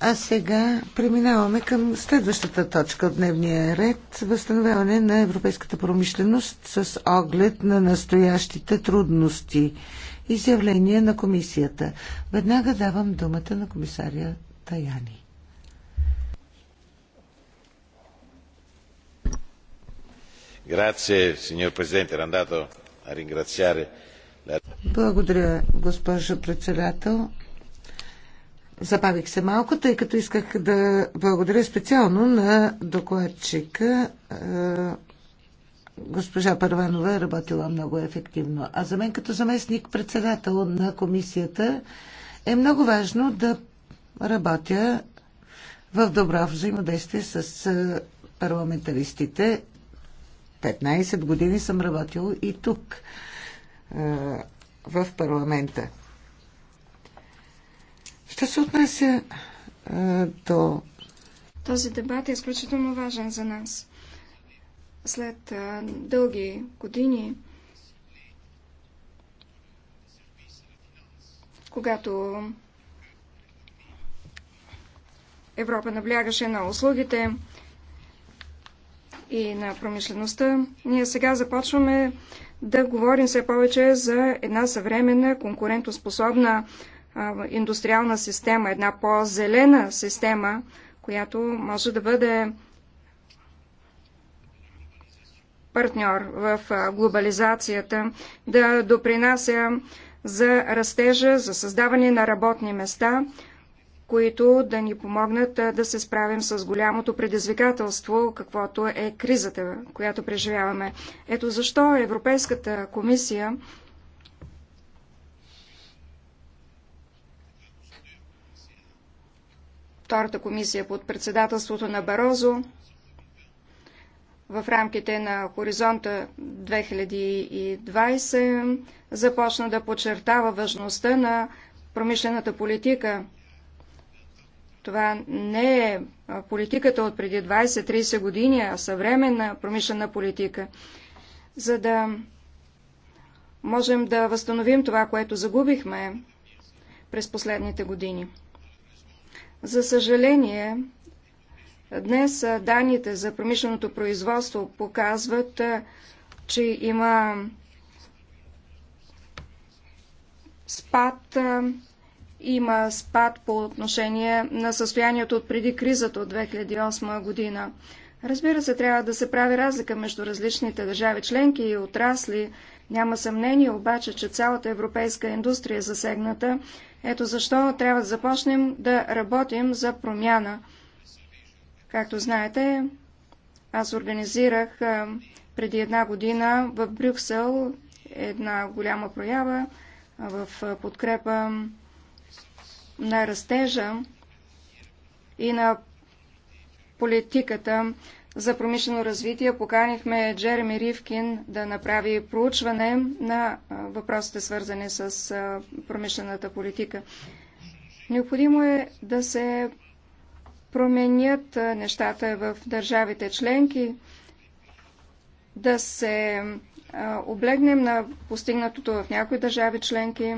А сега преминаваме към следващата точка от дневния ред – възстановяване на европейската промишленост с оглед на настоящите трудности. Изявление на комисията. Веднага давам думата на комисаря Таяни. Grazie, signor Presidente. Era andato a ringraziare la... Благодаря, госпожо председател. Забавих се малко, тъй като исках да благодаря специално на докладчика. Е, госпожа Първанова е работила много ефективно. А за мен като заместник председател на комисията е много важно да работя в добро взаимодействие с е, парламентаристите. 15 години съм работил и тук е, в парламента. Що се отнася а, е, до. Този дебат е изключително важен за нас. След а, е, дълги години, когато Европа наблягаше на услугите и на промишлеността, ние сега започваме да говорим все повече за една съвременна, конкурентоспособна индустриална система, една по-зелена система, която може да бъде партньор в глобализацията, да допринася за растежа, за създаване на работни места, които да ни помогнат да се справим с голямото предизвикателство, каквото е кризата, която преживяваме. Ето защо Европейската комисия втората комисия под председателството на Барозо в рамките на Хоризонта 2020 започна да подчертава важността на промишлената политика. Това не е политиката от преди 20-30 години, а съвременна промишлена политика. За да можем да възстановим това, което загубихме през последните години. За съжаление, днес данните за промишленото производство показват, че има спад, има спад по отношение на състоянието от преди кризата от 2008 година. Разбира се, трябва да се прави разлика между различните държави членки и отрасли, няма съмнение обаче, че цялата европейска индустрия е засегната. Ето защо трябва да започнем да работим за промяна. Както знаете, аз организирах преди една година в Брюксел една голяма проява в подкрепа на растежа и на политиката за промишлено развитие поканихме Джереми Ривкин да направи проучване на въпросите свързани с промишлената политика. Необходимо е да се променят нещата в държавите членки, да се облегнем на постигнатото в някои държави членки,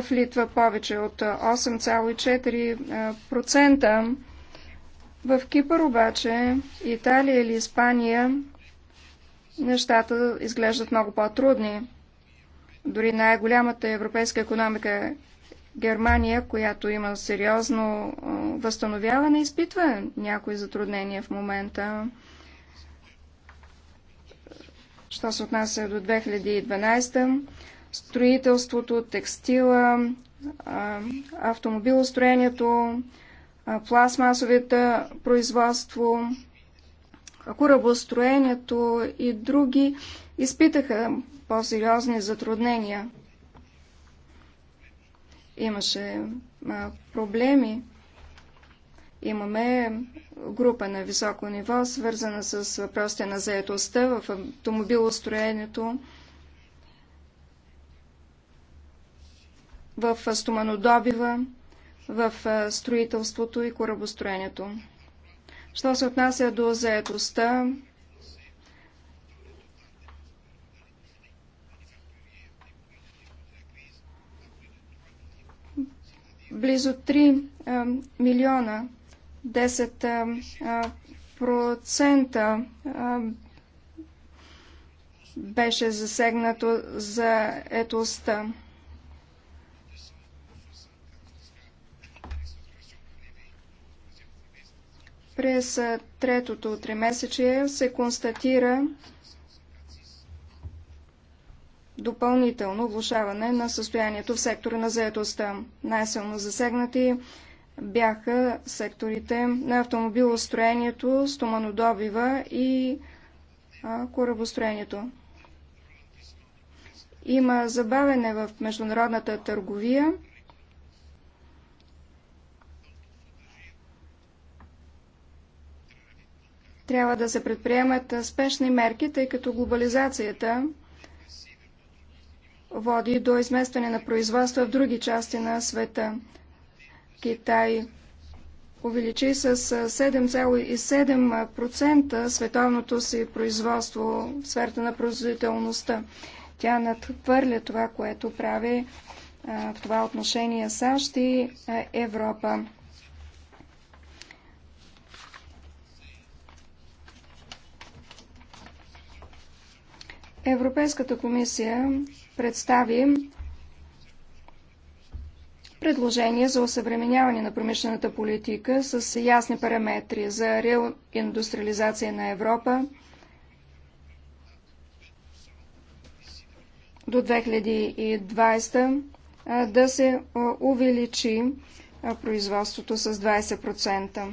в Литва повече от 8,4%. В Кипър обаче, Италия или Испания, нещата изглеждат много по-трудни. Дори най-голямата европейска економика е Германия, която има сериозно възстановяване, изпитва някои затруднения в момента. Що се отнася до 2012, строителството, текстила, автомобилостроението, пластмасовите производство, корабостроението и други изпитаха по-сериозни затруднения. Имаше проблеми. Имаме група на високо ниво, свързана с въпросите на заетостта в автомобилостроението. в стоманодобива, в строителството и корабостроението. Що се отнася до заедостта, близо 3 милиона, 10 процента беше засегнато за етостта. През третото тримесечие се констатира допълнително влушаване на състоянието в сектора на заетостта. Най-силно засегнати бяха секторите на автомобилостроението, стоманодобива и корабостроението. Има забавене в международната търговия. Трябва да се предприемат спешни мерки, тъй като глобализацията води до изместване на производства в други части на света. Китай увеличи с 7,7% световното си производство в сферата на производителността. Тя надхвърля това, което прави в това отношение САЩ и Европа. Европейската комисия представи предложение за осъвременяване на промишлената политика с ясни параметри за реиндустриализация на Европа до 2020 да се увеличи производството с 20%.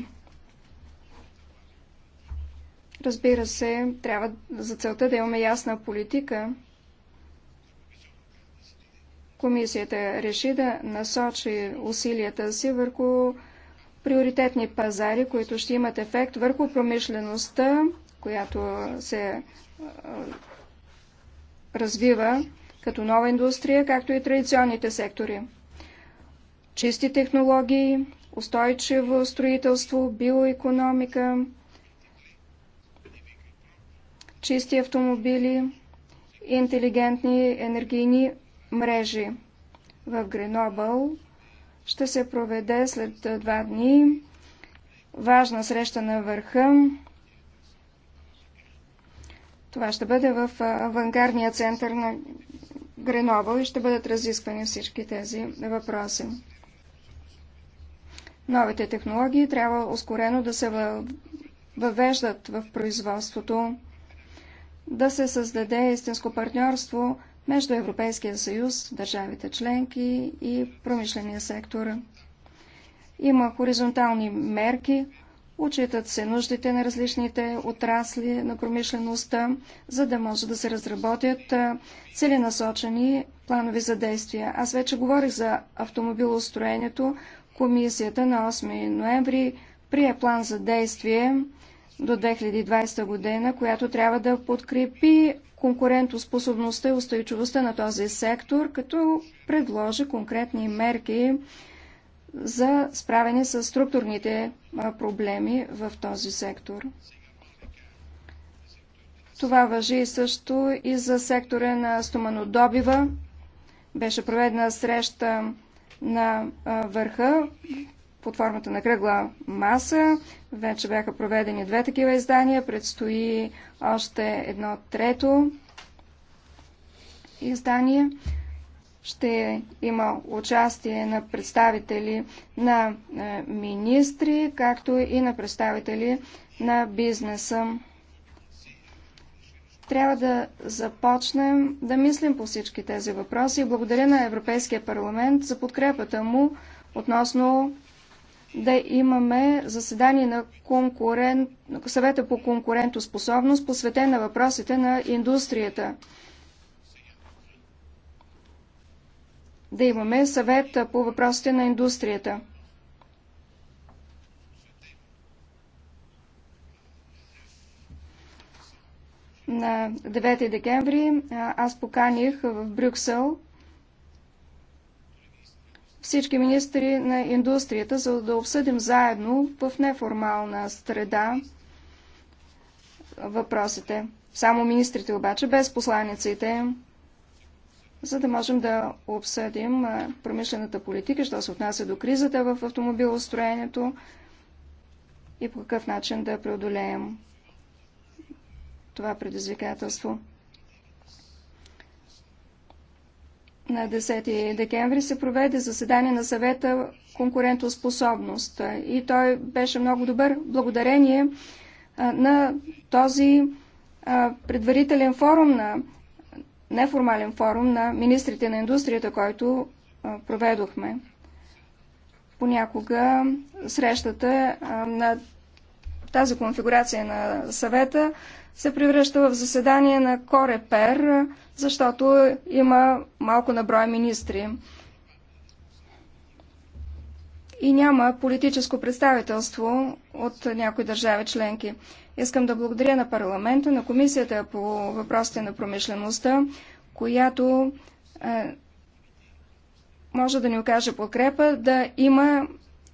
Разбира се, трябва за целта да имаме ясна политика. Комисията реши да насочи усилията си върху приоритетни пазари, които ще имат ефект върху промишлеността, която се развива като нова индустрия, както и традиционните сектори. Чисти технологии, устойчиво строителство, биоекономика – чисти автомобили, интелигентни енергийни мрежи. В Гренобъл ще се проведе след два дни важна среща на върха. Това ще бъде в авангарния център на Гренобъл и ще бъдат разисквани всички тези въпроси. Новите технологии трябва ускорено да се въвеждат в производството да се създаде истинско партньорство между Европейския съюз, държавите членки и промишления сектор. Има хоризонтални мерки, Учитат се нуждите на различните отрасли на промишлеността, за да може да се разработят целенасочени планови за действия. Аз вече говорих за автомобилостроението. Комисията на 8 ноември прие план за действие до 2020 година, която трябва да подкрепи конкурентоспособността и устойчивостта на този сектор, като предложи конкретни мерки за справяне с структурните проблеми в този сектор. Това въжи и също и за сектора на стоманодобива. Беше проведена среща на върха под формата на кръгла маса. Вече бяха проведени две такива издания, предстои още едно трето издание. Ще има участие на представители на е, министри, както и на представители на бизнеса. Трябва да започнем да мислим по всички тези въпроси. Благодаря на Европейския парламент за подкрепата му относно да имаме заседание на конкурент... съвета по конкурентоспособност, посветен на въпросите на индустрията. Да имаме съвет по въпросите на индустрията. На 9 декември аз поканих в Брюксел всички министри на индустрията, за да обсъдим заедно в неформална среда въпросите. Само министрите обаче, без посланиците, за да можем да обсъдим промишлената политика, що се отнася до кризата в автомобилостроението, и по какъв начин да преодолеем това предизвикателство. на 10 декември се проведе заседание на съвета конкурентоспособност и той беше много добър благодарение на този предварителен форум на неформален форум на министрите на индустрията, който проведохме. Понякога срещата на тази конфигурация на съвета се превръща в заседание на Корепер, защото има малко наброя министри. И няма политическо представителство от някои държави членки. Искам да благодаря на парламента, на комисията по въпросите на промишлеността, която е, може да ни окаже подкрепа да има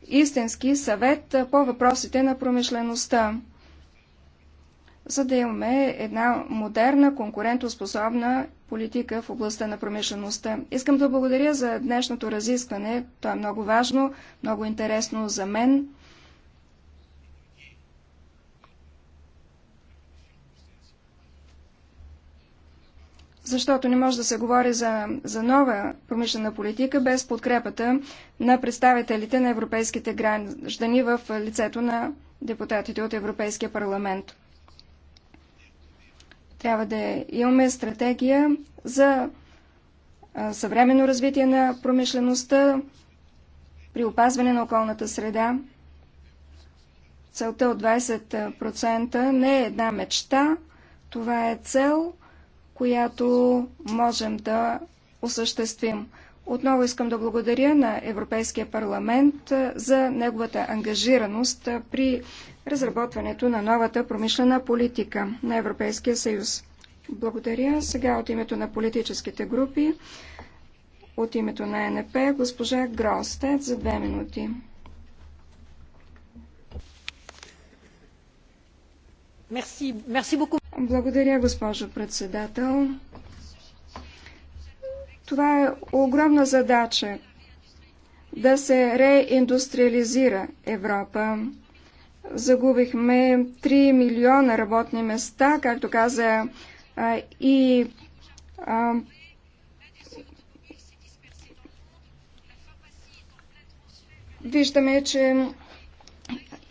истински съвет по въпросите на промишлеността за да имаме една модерна, конкурентоспособна политика в областта на промишлеността. Искам да благодаря за днешното разискване. То е много важно, много интересно за мен. защото не може да се говори за, за нова промишлена политика без подкрепата на представителите на европейските граждани в лицето на депутатите от Европейския парламент. Трябва да имаме стратегия за съвременно развитие на промишлеността при опазване на околната среда. Целта от 20% не е една мечта, това е цел, която можем да осъществим. Отново искам да благодаря на Европейския парламент за неговата ангажираност при разработването на новата промишлена политика на Европейския съюз. Благодаря. Сега от името на политическите групи, от името на НП, госпожа Гростет за две минути. Благодаря, госпожо председател. Това е огромна задача да се реиндустриализира Европа. Загубихме 3 милиона работни места, както каза а, и а, виждаме, че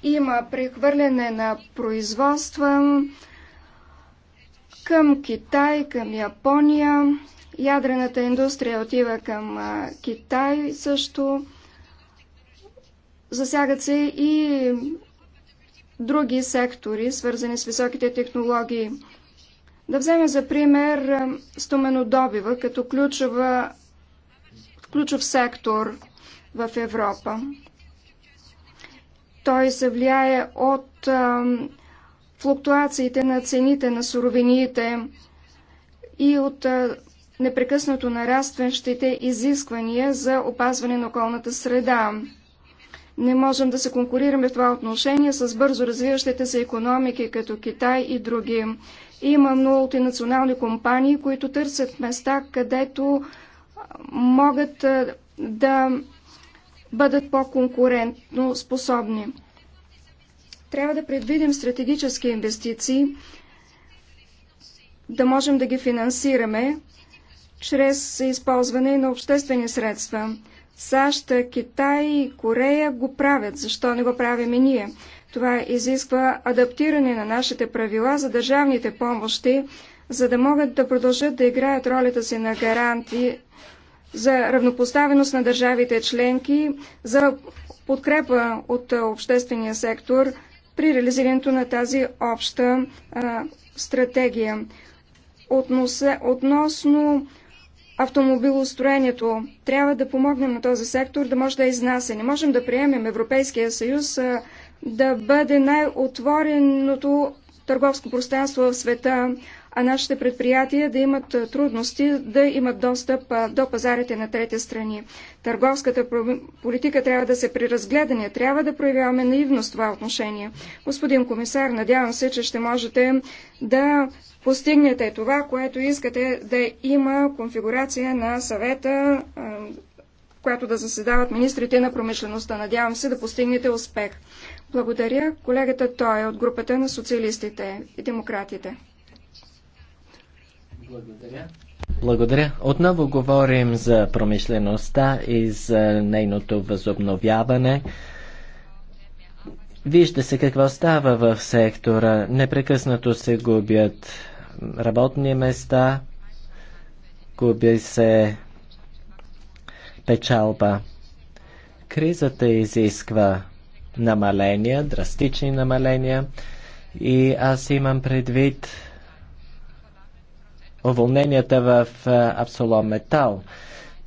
има прехвърляне на производства към Китай, към Япония. Ядрената индустрия отива към Китай също. Засягат се и други сектори, свързани с високите технологии. Да вземем за пример стоменодобива като ключова, ключов сектор в Европа. Той се влияе от а, флуктуациите на цените на суровините и от а, непрекъснато нарастващите изисквания за опазване на околната среда. Не можем да се конкурираме в това отношение с бързо развиващите се економики, като Китай и други. Има мултинационални компании, които търсят места, където могат да бъдат по-конкурентно способни. Трябва да предвидим стратегически инвестиции, да можем да ги финансираме, чрез използване на обществени средства. САЩ, Китай и Корея го правят. Защо не го правим и ние? Това изисква адаптиране на нашите правила за държавните помощи, за да могат да продължат да играят ролята си на гаранти за равнопоставеност на държавите членки, за подкрепа от обществения сектор при реализирането на тази обща а, стратегия. Относе, относно автомобилостроението. Трябва да помогнем на този сектор да може да е изнася. Не можем да приемем Европейския съюз да бъде най-отвореното търговско пространство в света, а нашите предприятия да имат трудности да имат достъп до пазарите на трети страни. Търговската политика трябва да се преразгледа, не трябва да проявяваме наивност в това отношение. Господин комисар, надявам се, че ще можете да постигнете това, което искате да има конфигурация на съвета, която да заседават министрите на промишлеността. Надявам се да постигнете успех. Благодаря. Колегата той е от групата на социалистите и демократите. Благодаря. Благодаря. Отново говорим за промишлеността и за нейното възобновяване. Вижте се какво става в сектора. Непрекъснато се губят работни места, губи се печалба. Кризата изисква намаления, драстични намаления и аз имам предвид уволненията в Абсолом Метал.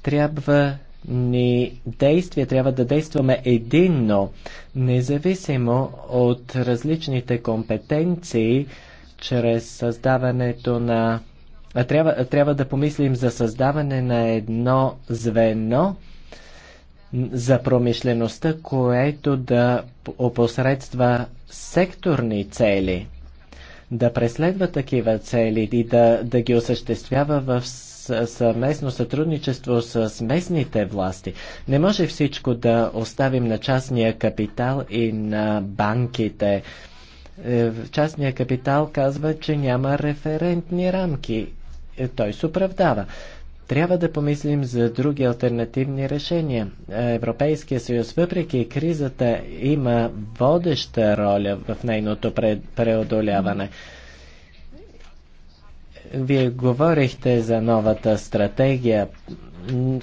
Трябва ни действия, трябва да действаме единно, независимо от различните компетенции, чрез създаването на трябва, трябва да помислим за създаване на едно звено за промишлеността, което да опосредства секторни цели, да преследва такива цели и да, да ги осъществява в съвместно сътрудничество с местните власти. Не може всичко да оставим на частния капитал и на банките. Е, частния капитал казва, че няма референтни рамки. Е, той се оправдава. Трябва да помислим за други альтернативни решения. Е, Европейския съюз, въпреки кризата, има водеща роля в нейното преодоляване. Вие говорихте за новата стратегия.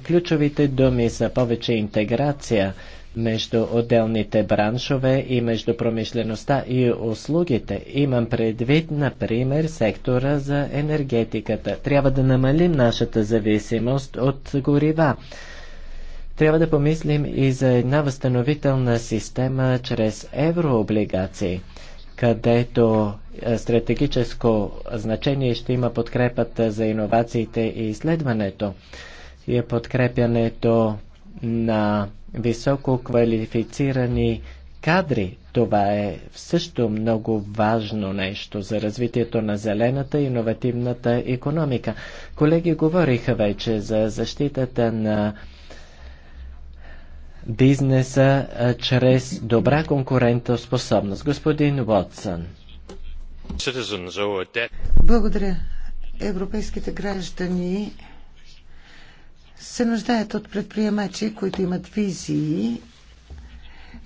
Ключовите думи са повече интеграция между отделните браншове и между промишлеността и услугите. Имам предвид, например, сектора за енергетиката. Трябва да намалим нашата зависимост от горива. Трябва да помислим и за една възстановителна система чрез еврооблигации, където е, стратегическо значение ще има подкрепата за иновациите и изследването и подкрепянето на високо квалифицирани кадри. Това е също много важно нещо за развитието на зелената и иновативната економика. Колеги говориха вече за защитата на бизнеса чрез добра конкурентоспособност. Господин Уотсън. Благодаря. Европейските граждани се нуждаят от предприемачи, които имат визии.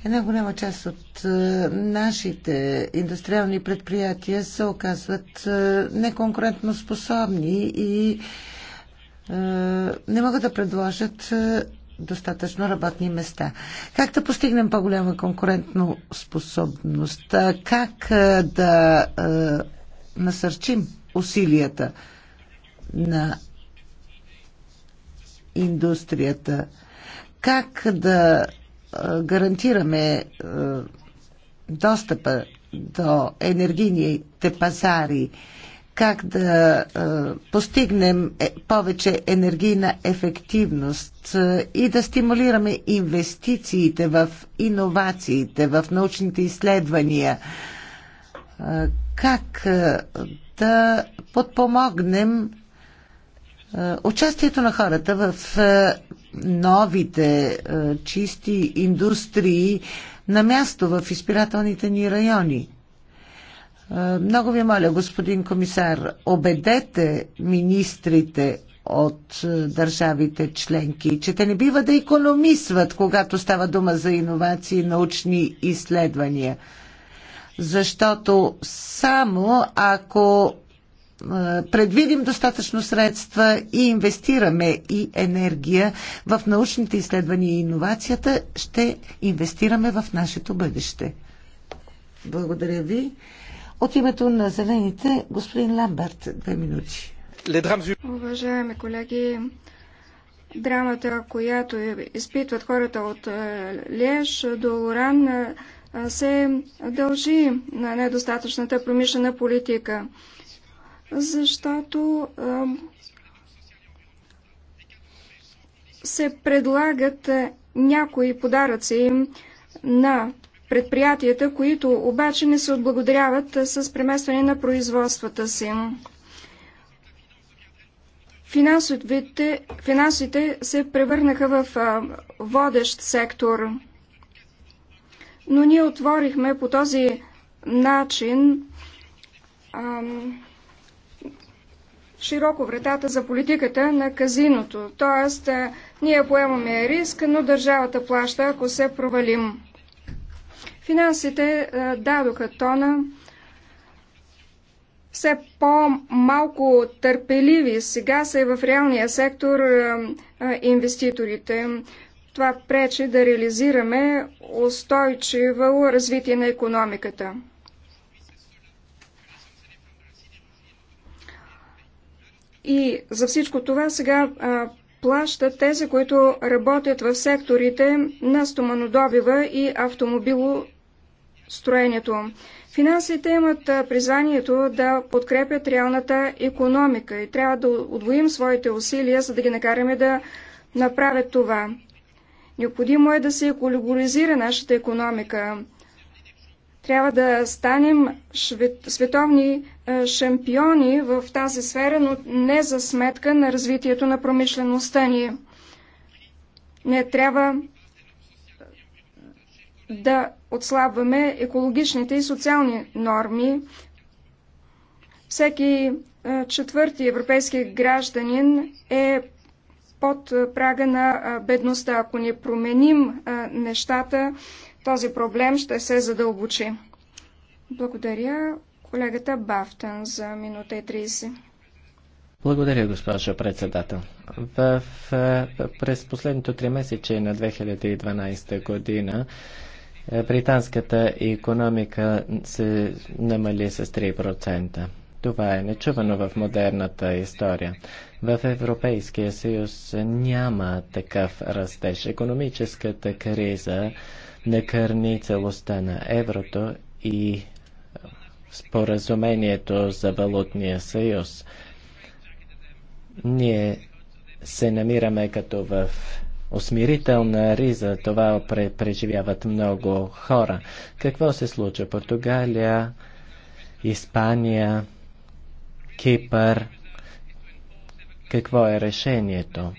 Една голяма част от е, нашите индустриални предприятия се оказват е, неконкурентно способни и е, не могат да предложат достатъчно работни места. Как да постигнем по-голяма конкурентно способност? Как да насърчим усилията на индустрията. Как да гарантираме достъпа до енергийните пазари, как да постигнем е, повече енергийна ефективност и да стимулираме инвестициите в иновациите, в научните изследвания, как да подпомогнем е, участието на хората в е, новите е, чисти индустрии на място в избирателните ни райони. Много ви моля, господин комисар, обедете министрите от държавите членки, че те не бива да економисват, когато става дума за иновации и научни изследвания. Защото само ако предвидим достатъчно средства и инвестираме и енергия в научните изследвания и иновацията, ще инвестираме в нашето бъдеще. Благодаря ви. От името на зелените, господин Ламберт, две минути. Уважаеми колеги, драмата, която е- изпитват хората от е, Леш до Лоран, е, се дължи на недостатъчната промишлена политика защото се предлагат е, някои подаръци на предприятията, които обаче не се отблагодаряват е, с преместване на производствата си. Финансовите, финансовите се превърнаха в е, водещ сектор, но ние отворихме по този начин ам, широко вратата за политиката на казиното. Тоест, ние поемаме риск, но държавата плаща, ако се провалим. Финансите дадоха тона. Все по-малко търпеливи сега са и в реалния сектор инвеститорите. Това пречи да реализираме устойчиво развитие на економиката. И за всичко това сега а, плащат тези, които работят в секторите на стоманодобива и автомобилостроението. Финансите имат призванието да подкрепят реалната економика и трябва да отвоим своите усилия, за да ги накараме да направят това. Необходимо е да се екологизира нашата економика. Трябва да станем световни е, шампиони в тази сфера, но не за сметка на развитието на промишлеността ни. Не трябва е, да отслабваме екологичните и социални норми. Всеки е, четвърти европейски гражданин е под прага на бедността. Ако не променим нещата, този проблем ще се задълбочи. Благодаря колегата Бафтън за минута и 30. Благодаря, госпожо председател. В, в, през последното три месече на 2012 година е, британската економика се намали с 3%. Това е нечувано в модерната история. В Европейския съюз няма такъв растеж. Економическата криза кърни целостта на еврото и споразумението за валутния съюз. Ние се намираме като в осмирителна риза. Това преживяват много хора. Какво се случва? Португалия, Испания, Кипър. Какво е решението?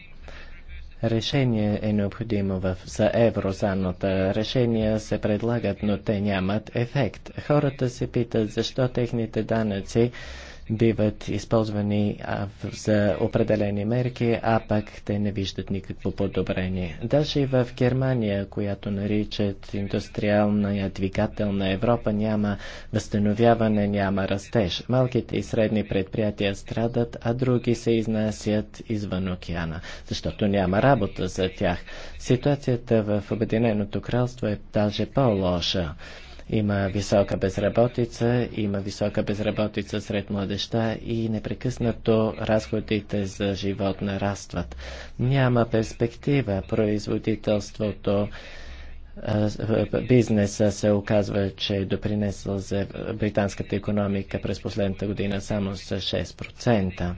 решение е необходимо в, за еврозаната. Решения се предлагат, но те нямат ефект. Хората се питат защо техните данъци биват използвани за определени мерки, а пък те не виждат никакво подобрение. Даже и в Германия, която наричат индустриалния двигател на Европа, няма възстановяване, няма растеж. Малките и средни предприятия страдат, а други се изнасят извън океана, защото няма работа за тях. Ситуацията в Обединеното кралство е даже по-лоша. Има висока безработица, има висока безработица сред младеща и непрекъснато разходите за живот нарастват. Няма перспектива. Производителството бизнеса се оказва, че е допринесъл за британската економика през последната година само с 6%.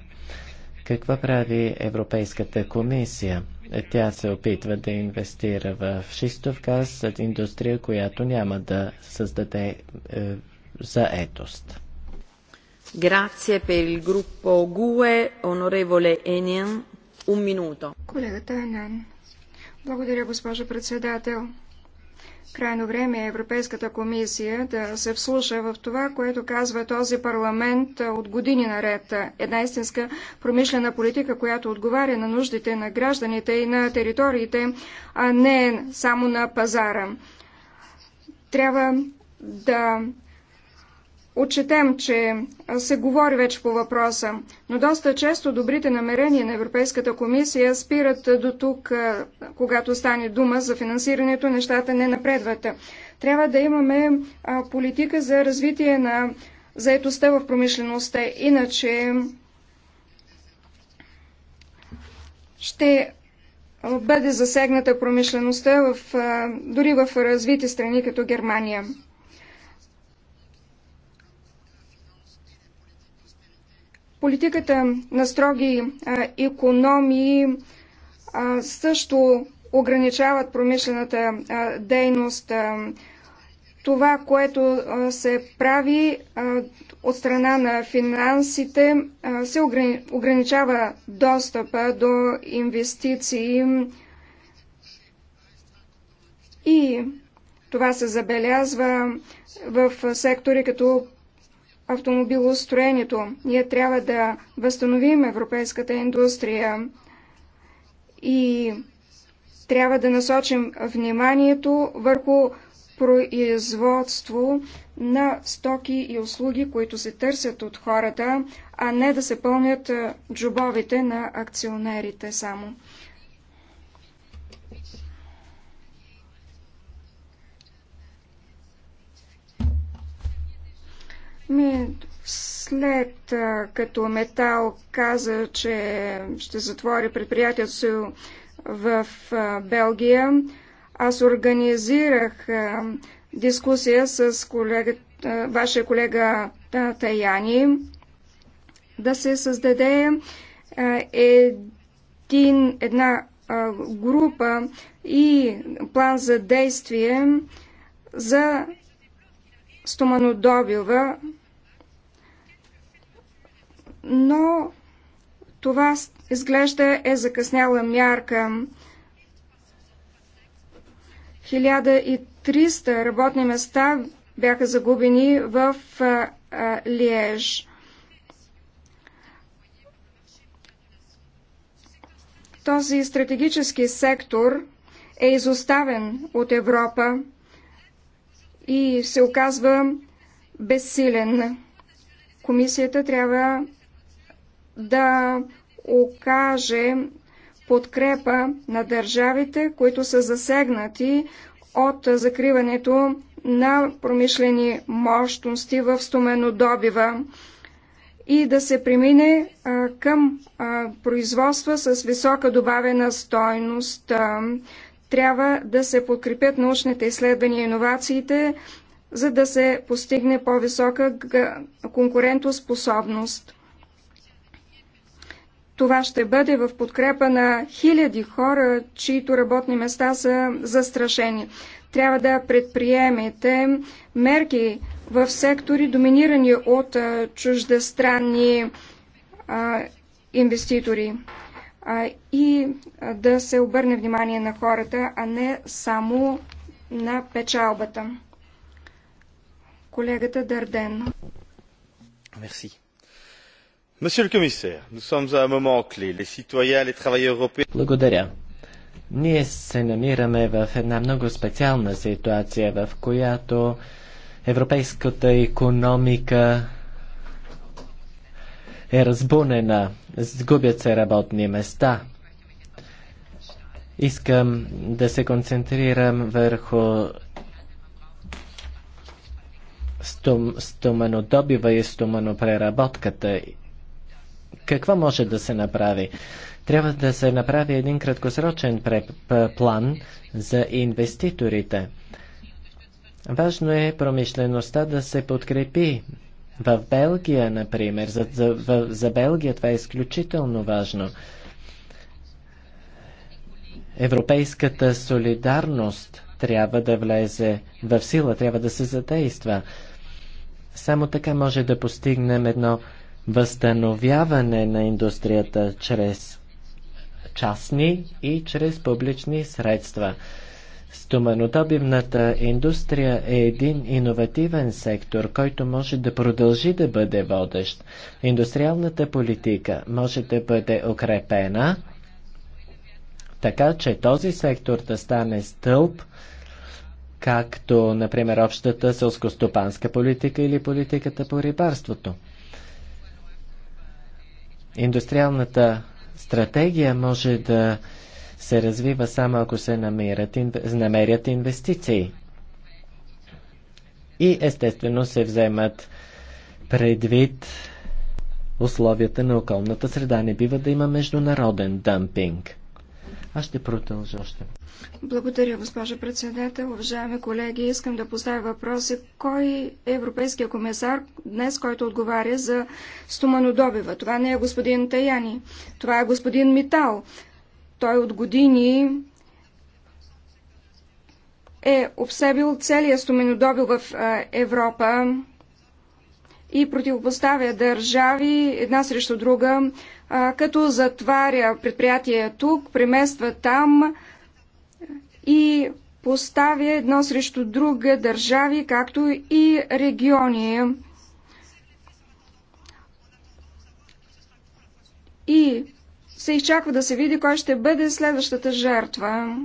Каква прави Европейската комисия? Тя се опитва да инвестира в шистов газ, индустрия, която няма да създаде е, заетост. Grazie per il gruppo GUE, onorevole Enian. Un minuto. Колегата Енен. Благодаря, госпожо председател. Крайно време е Европейската комисия да се вслуша в това, което казва този парламент от години наред. Една истинска промишлена политика, която отговаря на нуждите на гражданите и на териториите, а не само на пазара. Трябва да Отчетем, че се говори вече по въпроса, но доста често добрите намерения на Европейската комисия спират до тук, когато стане дума за финансирането, нещата не напредват. Трябва да имаме политика за развитие на заетостта в промишлеността, иначе ще бъде засегната промишлеността в, дори в развити страни като Германия. Политиката на строги економии също ограничават промишлената дейност. Това, което се прави от страна на финансите, се ограничава достъпа до инвестиции и това се забелязва в сектори като автомобилостроението. Ние трябва да възстановим европейската индустрия и трябва да насочим вниманието върху производство на стоки и услуги, които се търсят от хората, а не да се пълнят джобовите на акционерите само. Ми, след като Метал каза, че ще затвори предприятието си в Белгия, аз организирах дискусия с колега, вашия колега Таяни да се създаде един, една група и план за действие за стоманодобива но това изглежда е закъсняла мярка. 1300 работни места бяха загубени в Лиеж. Този стратегически сектор е изоставен от Европа и се оказва безсилен. Комисията трябва да окаже подкрепа на държавите, които са засегнати от закриването на промишлени мощности в стоменодобива и да се премине а, към а, производства с висока добавена стойност. А, трябва да се подкрепят научните изследвания и иновациите, за да се постигне по-висока конкурентоспособност. Това ще бъде в подкрепа на хиляди хора, чието работни места са застрашени. Трябва да предприемете мерки в сектори, доминирани от чуждестранни инвеститори и да се обърне внимание на хората, а не само на печалбата. Колегата Дарден. Мерси. Благодаря. Ние се намираме в една много специална ситуация, в която европейската економика е разбунена, сгубят се работни места. Искам да се концентрирам върху стоманодобива и стоманопреработката какво може да се направи? Трябва да се направи един краткосрочен план за инвеститорите. Важно е промишлеността да се подкрепи. В Белгия, например, за, за, в, за Белгия това е изключително важно. Европейската солидарност трябва да влезе в сила, трябва да се задейства. Само така може да постигнем едно възстановяване на индустрията чрез частни и чрез публични средства. Стоманодобивната индустрия е един иновативен сектор, който може да продължи да бъде водещ. Индустриалната политика може да бъде укрепена, така че този сектор да стане стълб, както, например, общата селскостопанска политика или политиката по рибарството. Индустриалната стратегия може да се развива само ако се намерят, намерят инвестиции. И естествено се вземат предвид условията на околната среда. Не бива да има международен дъмпинг. Аз ще продължа още. Благодаря, госпожа председател. Уважаеми колеги, искам да поставя въпроси. Кой е европейския комисар днес, който отговаря за стоманодобива? Това не е господин Таяни. Това е господин Митал. Той от години е обсебил целия стоменодобил в Европа и противопоставя държави една срещу друга като затваря предприятие тук, премества там и поставя едно срещу друга държави, както и региони. И се изчаква да се види кой ще бъде следващата жертва.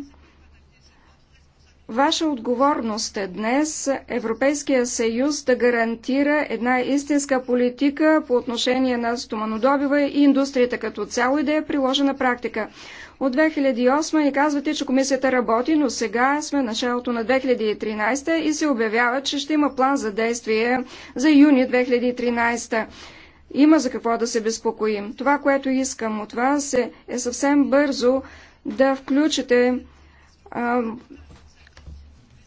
Ваша отговорност е днес Европейския съюз да гарантира една истинска политика по отношение на стоманодобива и индустрията като цяло и да е приложена практика. От 2008 ни казвате, че комисията работи, но сега сме началото на 2013 и се обявява, че ще има план за действие за юни 2013. Има за какво да се безпокоим. Това, което искам от вас е, е съвсем бързо да включите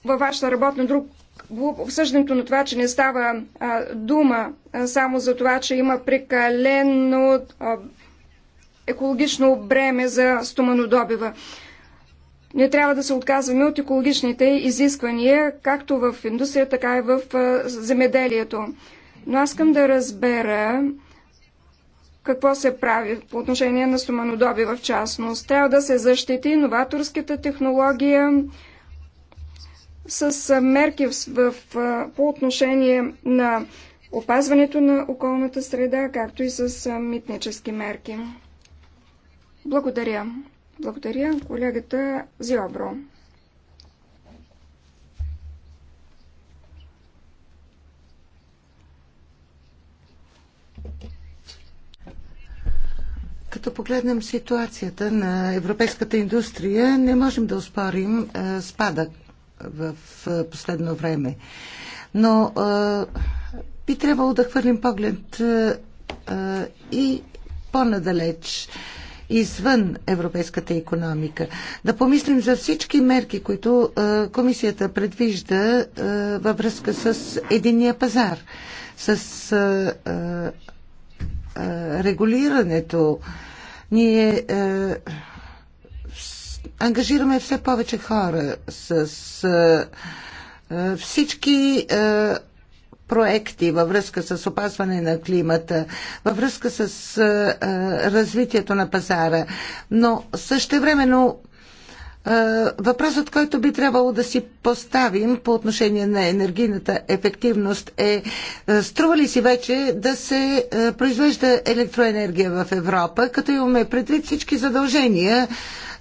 във вашата работна друг обсъждането на това, че не става а, дума а, само за това, че има прекалено а, екологично бреме за стоманодобива. Не трябва да се отказваме от екологичните изисквания, както в индустрия, така и в а, земеделието. Но аз искам да разбера какво се прави по отношение на стоманодобива в частност. Трябва да се защити новаторската технология, с мерки в, в, по отношение на опазването на околната среда, както и с митнически мерки. Благодаря. Благодаря колегата Зиобро. Като погледнем ситуацията на европейската индустрия, не можем да успорим спадък в последно време. Но би трябвало да хвърлим поглед и по-надалеч извън европейската економика. Да помислим за всички мерки, които а, комисията предвижда а, във връзка с единия пазар, с а, а, регулирането. Ние А, ангажираме все повече хора с всички проекти във връзка с опазване на климата, във връзка с развитието на пазара, но същевременно Въпросът, който би трябвало да си поставим по отношение на енергийната ефективност е, е струва ли си вече да се е, произвежда електроенергия в Европа, като имаме предвид всички задължения,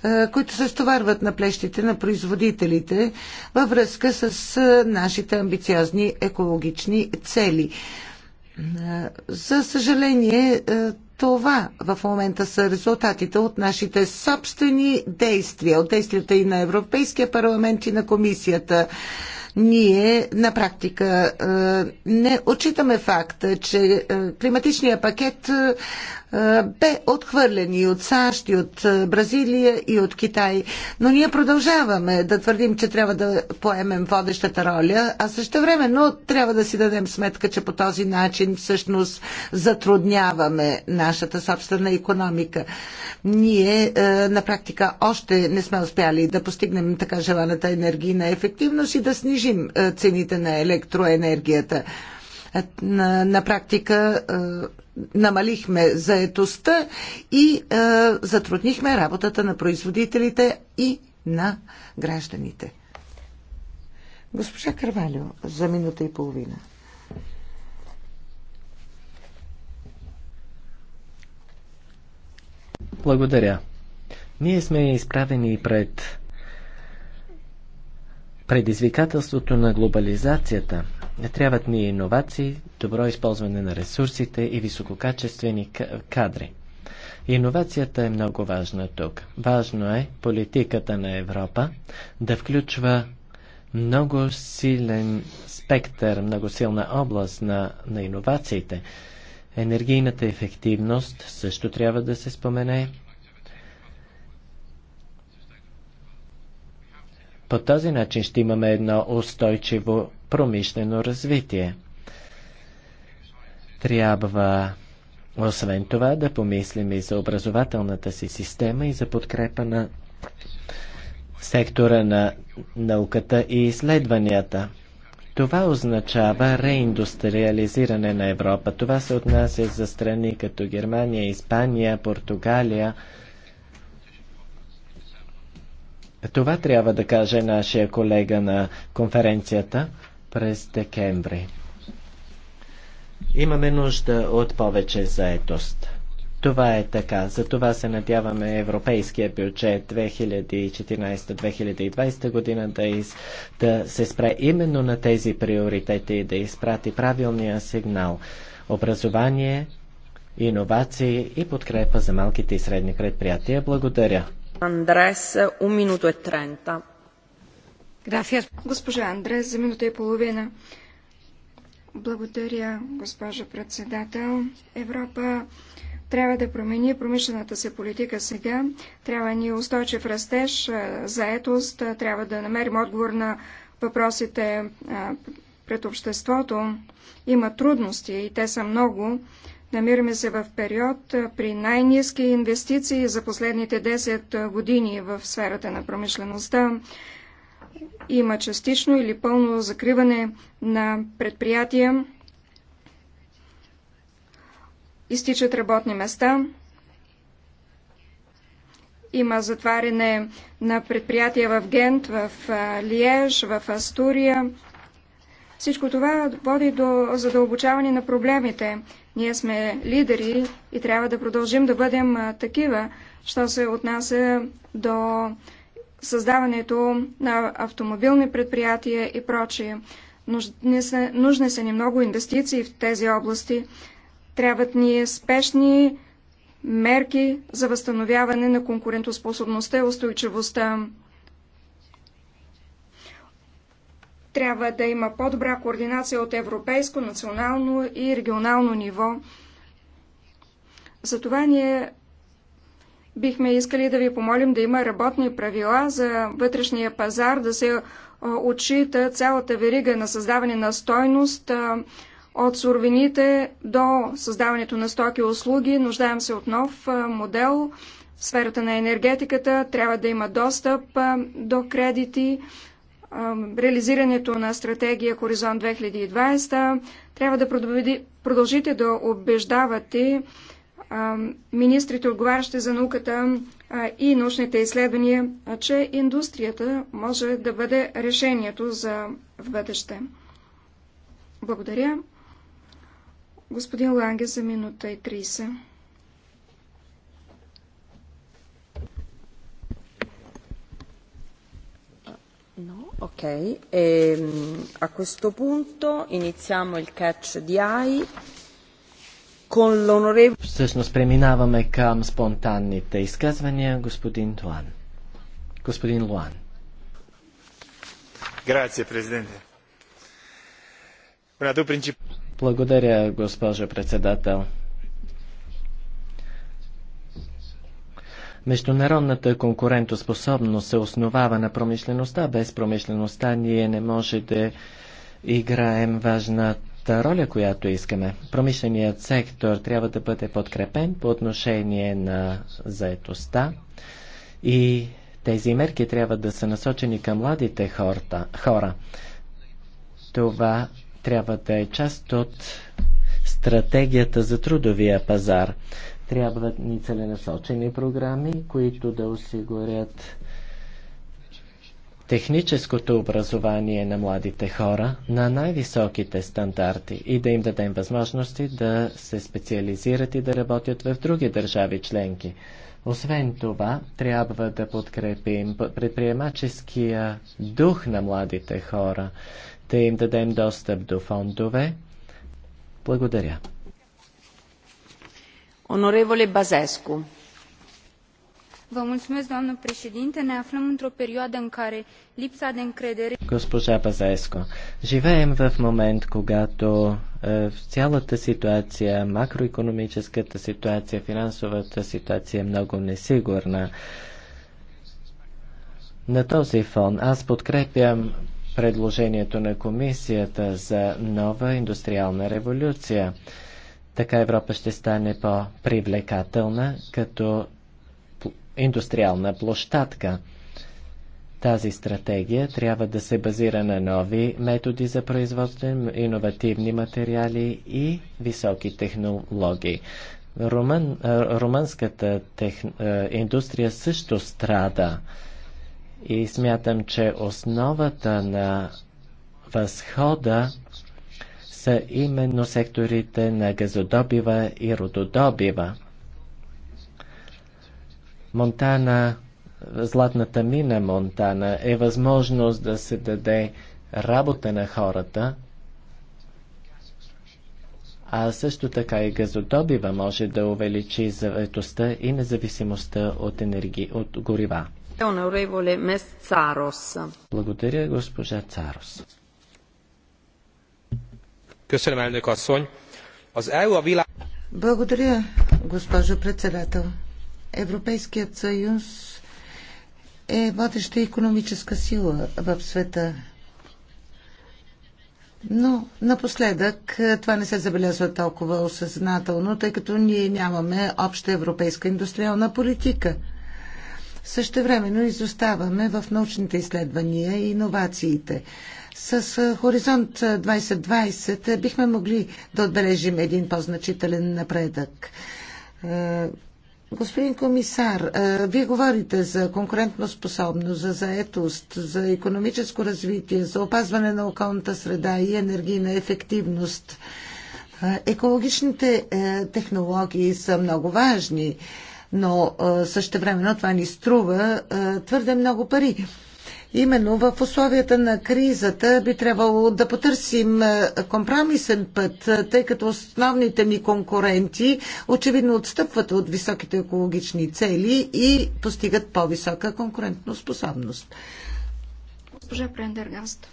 е, които се стоварват на плещите на производителите във връзка с нашите амбициозни екологични цели. За съжаление, това в момента са резултатите от нашите собствени действия, от действията и на Европейския парламент и на комисията ние на практика е, не отчитаме факта, че е, климатичния пакет е, бе отхвърлен и от САЩ, и от Бразилия, и от Китай. Но ние продължаваме да твърдим, че трябва да поемем водещата роля, а също време, но трябва да си дадем сметка, че по този начин всъщност затрудняваме нашата собствена економика. Ние на практика още не сме успяли да постигнем така желаната енергийна ефективност и да снижим понижим е, цените на електроенергията. Е, на, на практика е, намалихме заетостта и затруднихме работата на производителите и на гражданите. Госпожа Карвалио, за минута и половина. Благодаря. Ние сме изправени пред предизвикателството на глобализацията трябват ни иновации, добро използване на ресурсите и висококачествени кадри. Иновацията е много важна тук. Важно е политиката на Европа да включва много силен спектър, много силна област на, на иновациите. Енергийната ефективност също трябва да се спомене. По този начин ще имаме едно устойчиво промишлено развитие. Трябва освен това да помислим и за образователната си система и за подкрепа на сектора на науката и изследванията. Това означава реиндустриализиране на Европа. Това се отнася за страни като Германия, Испания, Португалия, това трябва да каже нашия колега на конференцията през декември. Имаме нужда от повече заетост. Това е така. За това се надяваме европейския бюджет 2014-2020 година да, из, да се спре именно на тези приоритети и да изпрати правилния сигнал. Образование, иновации и подкрепа за малките и средни предприятия. Благодаря. Андрес, минута и Госпожа Андрес, за минута и половина. Благодаря, госпожа председател. Европа трябва да промени промишлената си политика сега. Трябва ни устойчив растеж, заетост. Трябва да намерим отговор на въпросите пред обществото. Има трудности и те са много. Намираме се в период при най-низки инвестиции за последните 10 години в сферата на промишлеността. Има частично или пълно закриване на предприятия. Изтичат работни места. Има затваряне на предприятия в Гент, в Лиеж, в Астурия, всичко това води до задълбочаване на проблемите. Ние сме лидери и трябва да продължим да бъдем такива, що се отнася до създаването на автомобилни предприятия и прочие. Нужни са, нужни са ни много инвестиции в тези области. Трябват ни спешни мерки за възстановяване на конкурентоспособността и устойчивостта. Трябва да има по-добра координация от европейско, национално и регионално ниво. Затова ние бихме искали да ви помолим да има работни правила за вътрешния пазар, да се отчита цялата верига на създаване на стойност от суровините до създаването на стоки и услуги. Нуждаем се от нов модел. В сферата на енергетиката трябва да има достъп до кредити, реализирането на стратегия Хоризонт 2020. Трябва да продължите да убеждавате министрите, отговарящи за науката и научните изследвания, че индустрията може да бъде решението за в бъдеще. Благодаря. Господин Ланге за минута и 30. Ok, e, a questo punto iniziamo il catch di AI con l'onorevole... Всъщност преминаваме към спонтанните изказвания, господин Туан. Господин Луан. Грация, президенте. Благодаря, госпожо председател. Международната конкурентоспособност се основава на промишлеността. Без промишлеността ние не може да играем важната роля, която искаме. Промишленият сектор трябва да бъде подкрепен по отношение на заетостта и тези мерки трябва да са насочени към младите хората, хора. Това трябва да е част от стратегията за трудовия пазар. Трябват ни целенасочени програми, които да осигурят техническото образование на младите хора на най-високите стандарти и да им дадем възможности да се специализират и да работят в други държави членки. Освен това, трябва да подкрепим предприемаческия дух на младите хора, да им дадем достъп до фондове. Благодаря ne aflăm într o perioadă în care lipsa de încredere живеем в момент, когато е, цялата ситуация, макроекономическата ситуация, финансовата ситуация е много несигурна. На този фон аз подкрепям предложението на комисията за нова индустриална революция. Така Европа ще стане по-привлекателна като индустриална площадка. Тази стратегия трябва да се базира на нови методи за производство, иновативни материали и високи технологии. Румън, румънската тех, индустрия също страда и смятам, че основата на възхода са именно секторите на газодобива и рододобива. Монтана, златната мина Монтана е възможност да се даде работа на хората, а също така и газодобива може да увеличи заветостта и независимостта от, енерги... от горива. Благодаря, госпожа Царос. E Благодаря, госпожо председател. Европейският съюз е водеща економическа сила в света. Но напоследък е, това не се забелязва толкова осъзнателно, тъй като ние нямаме обща европейска индустриална политика – Същевременно изоставаме в научните изследвания и иновациите. С Хоризонт 2020 бихме могли да отбележим един по-значителен напредък. Господин комисар, вие говорите за способност, за заетост, за економическо развитие, за опазване на околната среда и енергийна ефективност. Екологичните е, технологии са много важни но същевременно това ни струва твърде много пари. Именно в условията на кризата би трябвало да потърсим компромисен път, тъй като основните ни конкуренти очевидно отстъпват от високите екологични цели и постигат по-висока конкурентно способност. Госпожа Прендергаст.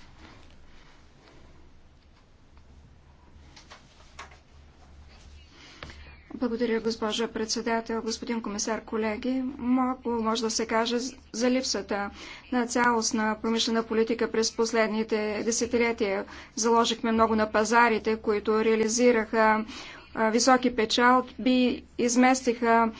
Благодаря, госпожа председател, господин комисар, колеги. Малко може да се каже за липсата на цялостна промишлена политика през последните десетилетия. Заложихме много на пазарите, които реализираха високи печалби, изместиха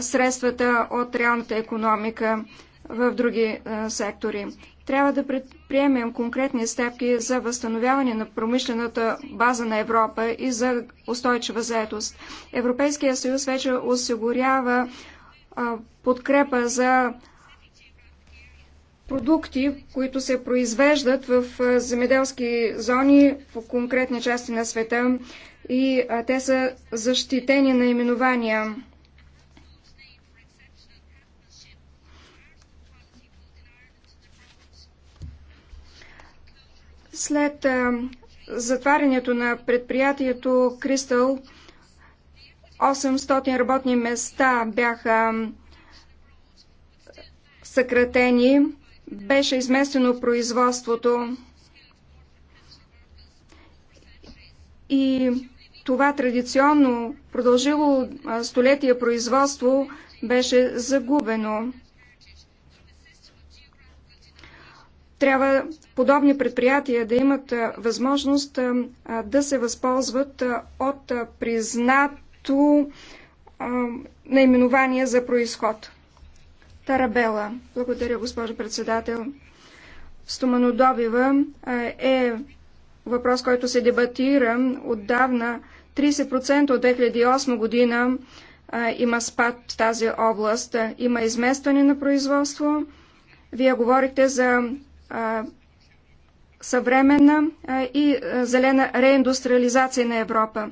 средствата от реалната економика в други сектори. Трябва да предприемем конкретни стъпки за възстановяване на промишлената база на Европа и за устойчива заетост. Европейския съюз вече осигурява подкрепа за продукти, които се произвеждат в земеделски зони в конкретни части на света и те са защитени наименования. След затварянето на предприятието Кристал, 800 работни места бяха съкратени, беше изместено производството и това традиционно продължило столетия производство беше загубено. трябва подобни предприятия да имат възможност да се възползват от признато наименование за происход. Тарабела. Благодаря, госпожо председател. Стоманодобива е въпрос, който се дебатира отдавна. 30% от 2008 година има спад в тази област. Има изместване на производство. Вие говорихте за съвременна и зелена реиндустриализация на Европа.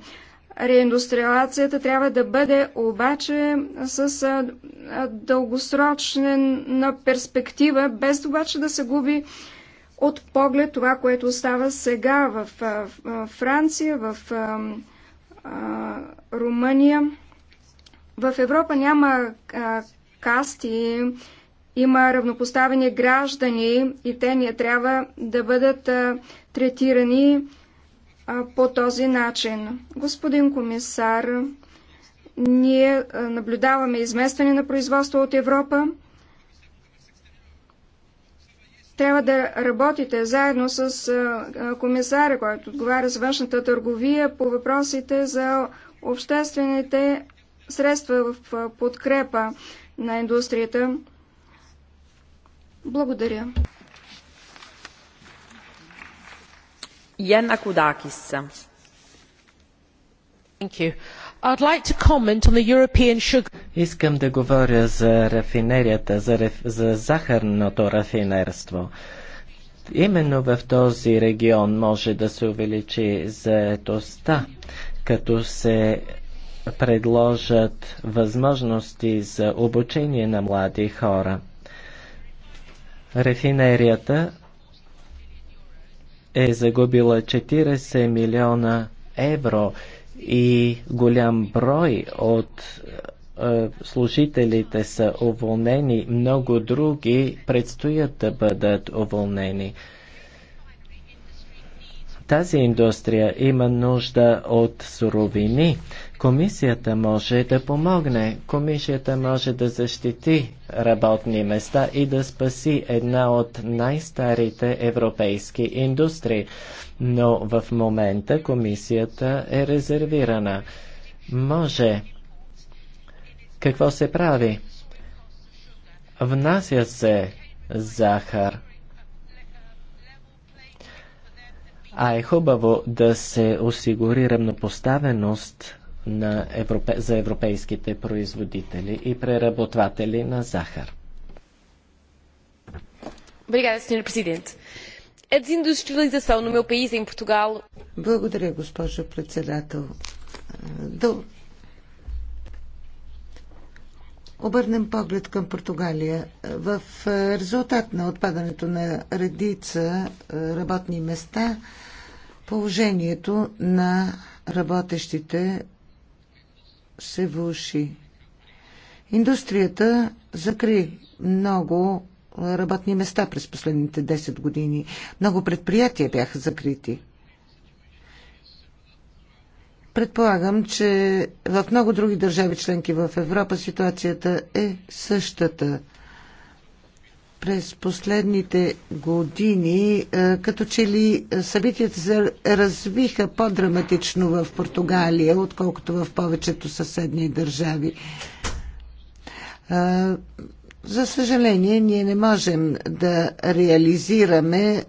Реиндустриалацията трябва да бъде обаче с дългосрочна перспектива, без обаче да се губи от поглед това, което става сега в Франция, в Румъния. В Европа няма касти, има равнопоставени граждани и те не трябва да бъдат третирани по този начин. Господин комисар, ние наблюдаваме изместване на производство от Европа. Трябва да работите заедно с комисаря, който отговаря за външната търговия по въпросите за обществените средства в подкрепа на индустрията. Благодаря. Яна Кудакис. Искам да говоря за рафинерията, за, реф... за захарното рафинерство. Именно в този регион може да се увеличи заетостта, като се предложат възможности за обучение на млади хора. Рефинерията е загубила 40 милиона евро и голям брой от е, служителите са уволнени, много други предстоят да бъдат уволнени. Тази индустрия има нужда от суровини. Комисията може да помогне, комисията може да защити работни места и да спаси една от най-старите европейски индустрии. Но в момента комисията е резервирана. Може. Какво се прави? Внася се захар. А е хубаво да се осигури равнопоставеност на европе... за европейските производители и преработватели на захар. Obrigada, Sr. Presidente. A desindustrialização no meu país, em Portugal. Благодаря, госпожо председател. Да обърнем поглед към Португалия. В резултат на отпадането на редица е, работни места, положението на работещите се влуши. Индустрията закри много работни места през последните 10 години. Много предприятия бяха закрити. Предполагам, че в много други държави членки в Европа ситуацията е същата през последните години, е, като че ли събитията се развиха по-драматично в Португалия, отколкото в повечето съседни държави. Е, за съжаление, ние не можем да реализираме е,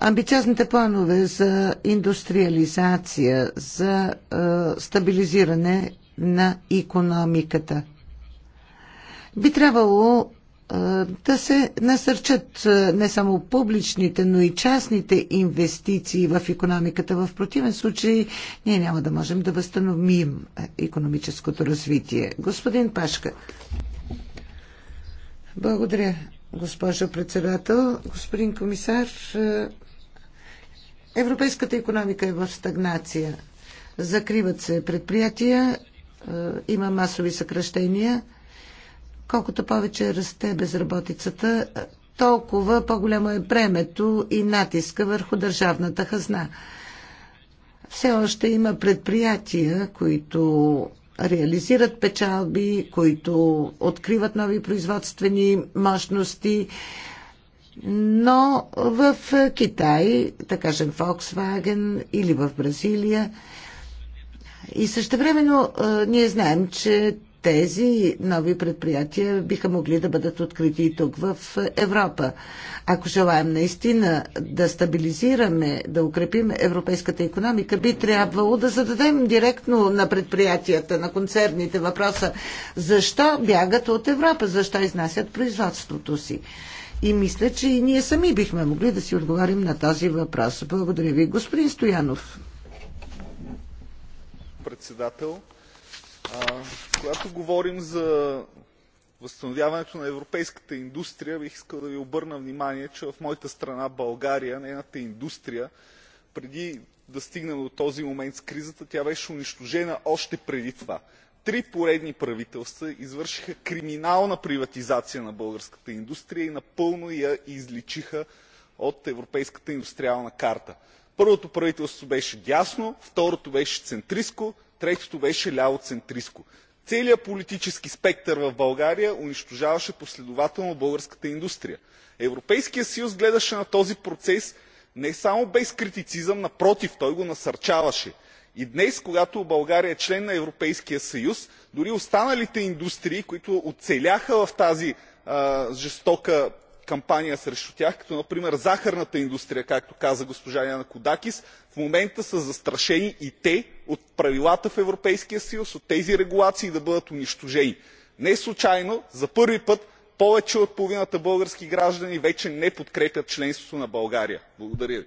амбициозните планове за индустриализация, за стабилизиране на економиката. Би трябвало да се насърчат не само публичните, но и частните инвестиции в економиката. В противен случай ние няма да можем да възстановим економическото развитие. Господин Пашка. Благодаря, госпожо председател. Господин комисар, европейската економика е в стагнация. Закриват се предприятия, има масови съкръщения – Колкото повече расте безработицата, толкова по-голямо е бремето и натиска върху държавната хазна. Все още има предприятия, които реализират печалби, които откриват нови производствени мощности, но в Китай, да кажем Volkswagen или в Бразилия, и също времено ние знаем, че тези нови предприятия биха могли да бъдат открити и тук в Европа. Ако желаем наистина да стабилизираме, да укрепим европейската економика, би трябвало да зададем директно на предприятията, на концерните въпроса защо бягат от Европа, защо изнасят производството си. И мисля, че и ние сами бихме могли да си отговорим на този въпрос. Благодаря ви, господин Стоянов. Председател, когато говорим за възстановяването на европейската индустрия, бих искал да ви обърна внимание, че в моята страна България, нейната индустрия, преди да стигна до този момент с кризата, тя беше унищожена още преди това. Три поредни правителства извършиха криминална приватизация на българската индустрия и напълно я изличиха от европейската индустриална карта. Първото правителство беше дясно, второто беше центристко, третото беше ляво центристко целият политически спектър в България унищожаваше последователно българската индустрия. Европейският съюз гледаше на този процес не само без критицизъм, напротив, той го насърчаваше. И днес, когато България е член на Европейския съюз, дори останалите индустрии, които оцеляха в тази жестока кампания срещу тях като например захарната индустрия както каза госпожа yannakoudakis в момента са застрашени и те от правилата в европейския съюз от тези регулации да бъдат унищожени. неслучайно за първи път повече от половината български граждани вече не подкрепят членството на българия. благодаря ви.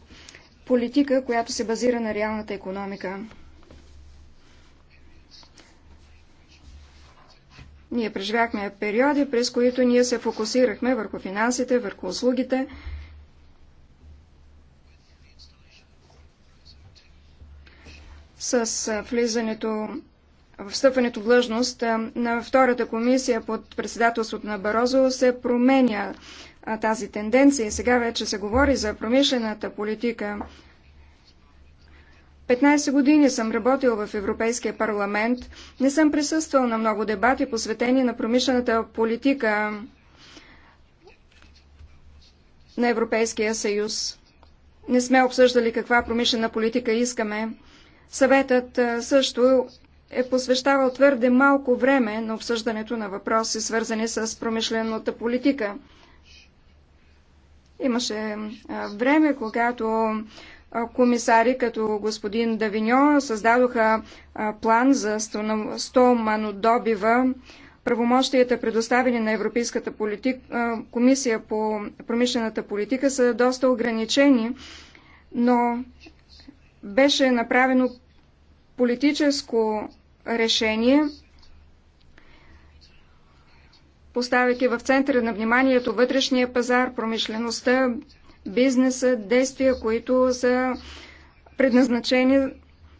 политика, която се базира на реалната економика. Ние преживяхме периоди, през които ние се фокусирахме върху финансите, върху услугите. С влизането встъпването в длъжност на втората комисия под председателството на Барозо се променя тази тенденция. Сега вече се говори за промишлената политика. 15 години съм работил в Европейския парламент. Не съм присъствал на много дебати, посветени на промишлената политика на Европейския съюз. Не сме обсъждали каква промишлена политика искаме. Съветът също е посвещавал твърде малко време на обсъждането на въпроси, свързани с промишлената политика. Имаше време, когато комисари като господин Давиньо създадоха план за 100 манодобива. Правомощията, предоставени на Европейската политик, комисия по промишлената политика, са доста ограничени, но беше направено политическо решение – поставяйки в центъра на вниманието вътрешния пазар, промишлеността, бизнеса, действия, които са предназначени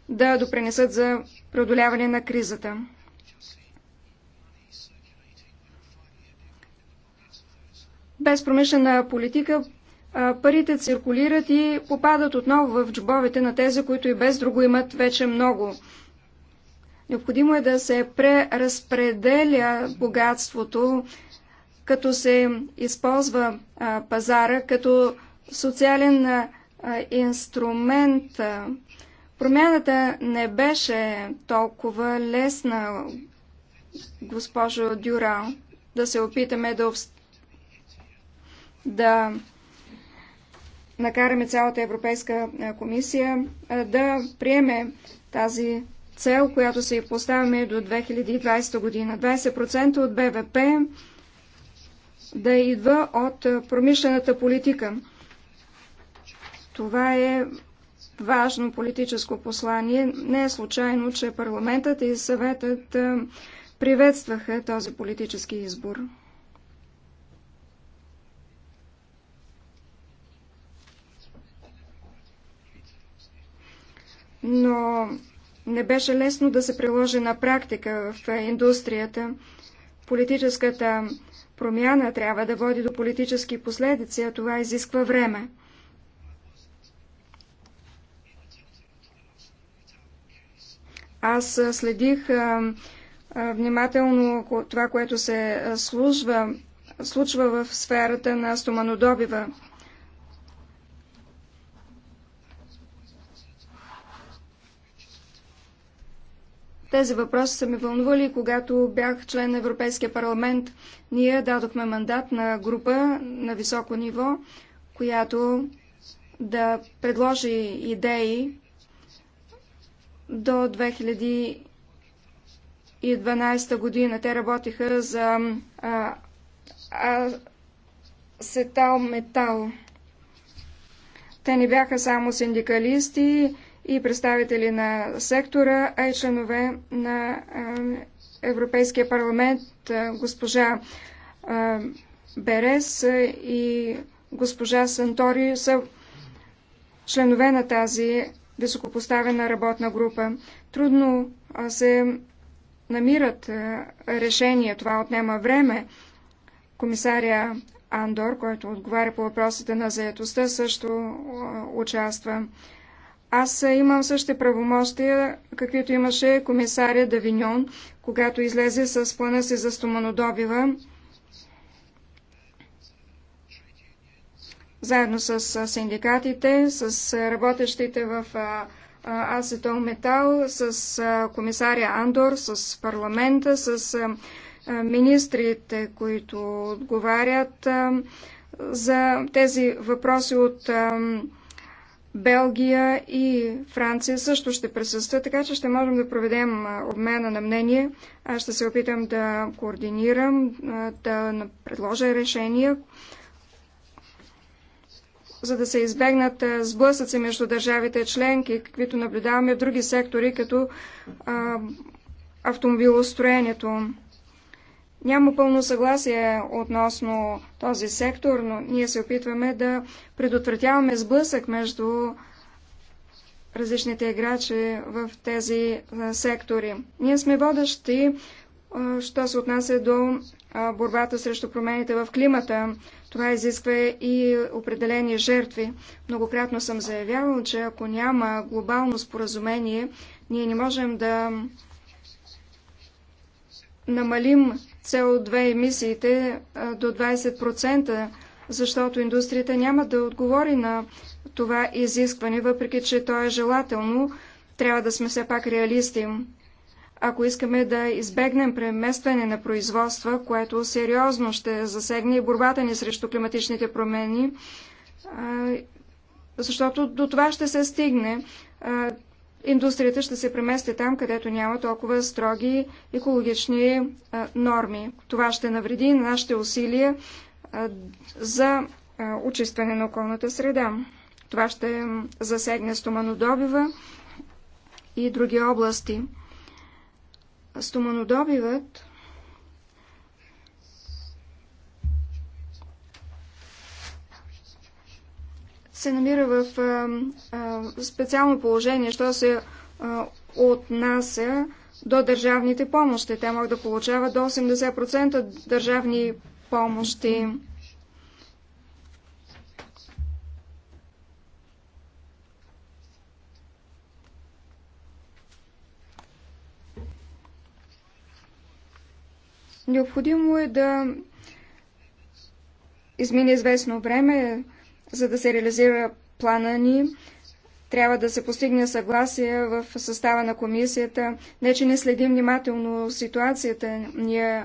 да допринесат за преодоляване на кризата. Без промишлена политика парите циркулират и попадат отново в джобовете на тези, които и без друго имат вече много. Необходимо е да се преразпределя богатството, като се използва а, пазара като социален а, инструмент. Промяната не беше толкова лесна, госпожо Дюра, да се опитаме да, да накараме цялата Европейска комисия да приеме тази цел, която се и поставяме до 2020 година. 20% от БВП да идва от промишлената политика. Това е важно политическо послание. Не е случайно, че парламентът и съветът приветстваха този политически избор. Но не беше лесно да се приложи на практика в индустрията. Политическата промяна трябва да води до политически последици, а това изисква време. Аз следих а, а, внимателно това, което се служва, случва в сферата на стоманодобива. Тези въпроси са ме вълнували, когато бях член на Европейския парламент. Ние дадохме мандат на група на високо ниво, която да предложи идеи до 2012 година. Те работиха за сетал асетал метал. Те не бяха само синдикалисти, и представители на сектора, а и членове на Европейския парламент, госпожа Берес и госпожа Сантори са членове на тази високопоставена работна група. Трудно се намират решения, това отнема време. Комисаря Андор, който отговаря по въпросите на заетостта, също участва. Аз имам същите правомощия, каквито имаше комисаря Давиньон, когато излезе с плана си за стоманодобива, заедно с синдикатите, с работещите в Асетол Метал, с комисаря Андор, с парламента, с министрите, които отговарят за тези въпроси от Белгия и Франция също ще присъстват, така че ще можем да проведем обмена на мнение. Аз ще се опитам да координирам, да предложа решения, за да се избегнат сблъсъци между държавите членки, каквито наблюдаваме в други сектори, като автомобилостроението. Няма пълно съгласие относно този сектор, но ние се опитваме да предотвратяваме сблъсък между различните играчи в тези сектори. Ние сме водещи, що се отнася до борбата срещу промените в климата. Това изисква и определени жертви. Многократно съм заявявал, че ако няма глобално споразумение, ние не можем да намалим CO2 емисиите до 20%, защото индустрията няма да отговори на това изискване, въпреки че то е желателно, трябва да сме все пак реалисти. Ако искаме да избегнем преместване на производства, което сериозно ще засегне и борбата ни срещу климатичните промени, защото до това ще се стигне индустрията ще се премести там, където няма толкова строги екологични а, норми. Това ще навреди на нашите усилия а, за а, очистване на околната среда. Това ще засегне стоманодобива и други области. Стоманодобивът се намира в специално положение, що се отнася до държавните помощи. Те могат да получават до 80% държавни помощи. Необходимо е да измине известно време, за да се реализира плана ни, трябва да се постигне съгласие в състава на комисията. Не, че не следим внимателно ситуацията, ние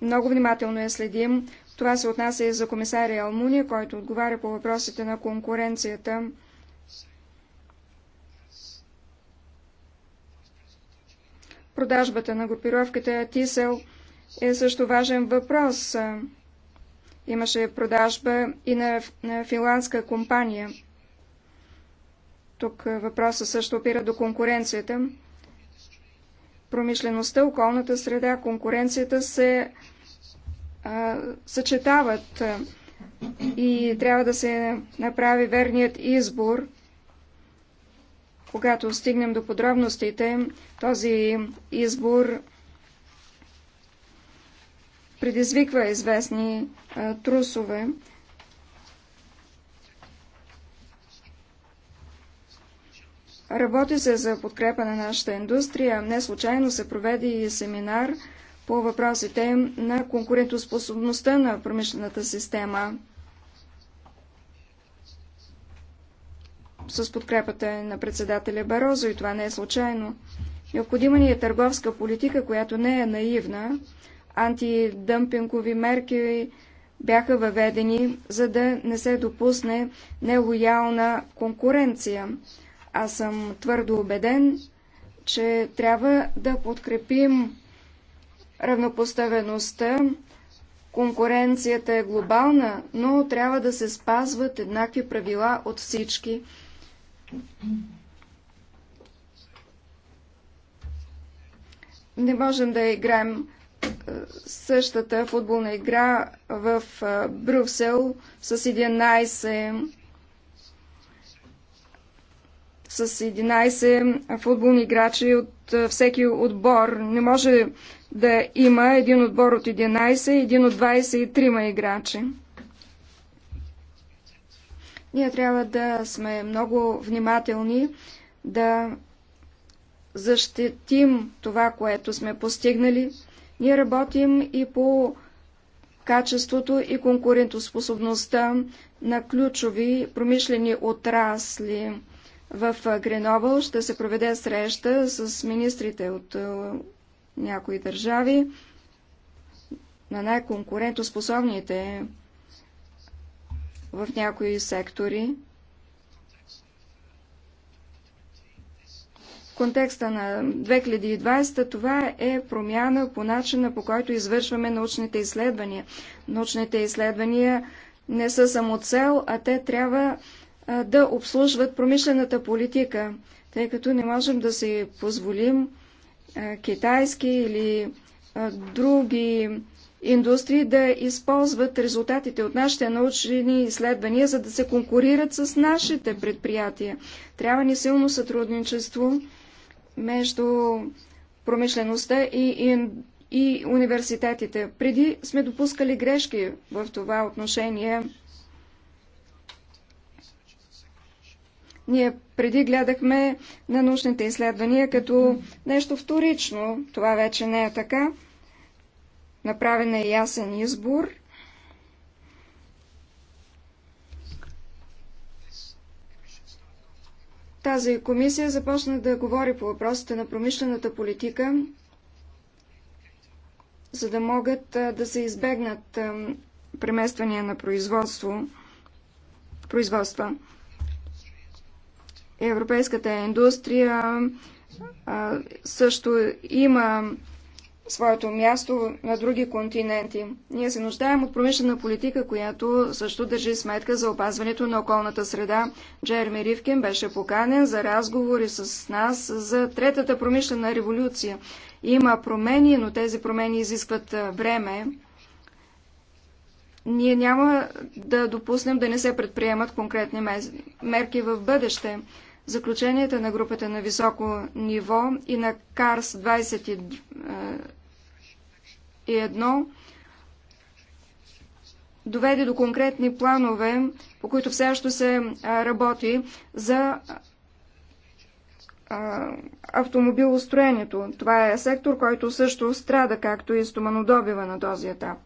много внимателно я следим. Това се отнася и за комисаря Алмуния, който отговаря по въпросите на конкуренцията. Продажбата на групировката Тисел е също важен въпрос. Имаше продажба и на финландска компания. Тук въпросът също опира до конкуренцията. Промишлеността, околната среда, конкуренцията се а, съчетават и трябва да се направи верният избор. Когато стигнем до подробностите, този избор предизвиква известни а, трусове. Работи се за подкрепа на нашата индустрия. Не случайно се проведе и семинар по въпросите на конкурентоспособността на промишлената система. С подкрепата на председателя Барозо и това не е случайно. Необходима ни е търговска политика, която не е наивна, антидъмпингови мерки бяха въведени, за да не се допусне нелоялна конкуренция. Аз съм твърдо убеден, че трябва да подкрепим равнопоставеността. Конкуренцията е глобална, но трябва да се спазват еднакви правила от всички. Не можем да играем същата футболна игра в Брюксел с 11 с 11 футболни играчи от всеки отбор. Не може да има един отбор от 11, един от 23 играчи. Ние трябва да сме много внимателни да защитим това, което сме постигнали ние работим и по качеството и конкурентоспособността на ключови промишлени отрасли. В Гренобъл ще се проведе среща с министрите от някои държави на най-конкурентоспособните в някои сектори. контекста на 2020 това е промяна по начина по който извършваме научните изследвания. Научните изследвания не са само цел, а те трябва да обслужват промишлената политика, тъй като не можем да си позволим китайски или други индустрии да използват резултатите от нашите научни изследвания, за да се конкурират с нашите предприятия. Трябва ни силно сътрудничество между промишлеността и, и, и университетите. Преди сме допускали грешки в това отношение. Ние преди гледахме на научните изследвания като нещо вторично. Това вече не е така. Направен е ясен избор Тази комисия започна да говори по въпросите на промишлената политика, за да могат да се избегнат премествания на производство, производства. Европейската индустрия също има своето място на други континенти. Ние се нуждаем от промишлена политика, която също държи сметка за опазването на околната среда. Джерми Ривкин беше поканен за разговори с нас за третата промишлена революция. Има промени, но тези промени изискват време. Ние няма да допуснем да не се предприемат конкретни мерки в бъдеще. Заключенията на групата на високо ниво и на КАРС 20, 2001 доведе до конкретни планове, по които все още се работи за автомобилостроението. Това е сектор, който също страда, както и стоманодобива на този етап.